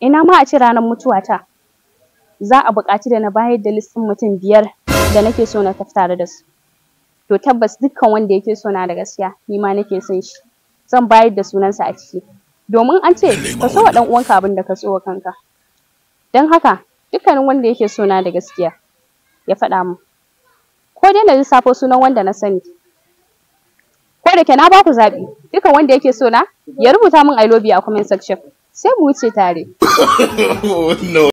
ina ma a ce ranar mutuwata za a buƙaci da na bayar da listin mutum biyar da nake so na tattare da su to tabbas dukkan wanda yake so na da gaskiya ni ma nake son shi zan bayar da sunansa a ciki domin an ce ka so wa dan uwanka abin da ka so wa kanka don haka dukkanin wanda yake so na da gaskiya ya faɗa mu. ko dai na lissafo sunan wanda na sani ko da ke na ba ku zaɓi dukkan wanda yake so na ya rubuta min I love you a comment section Você é muito solitário. Oh, não.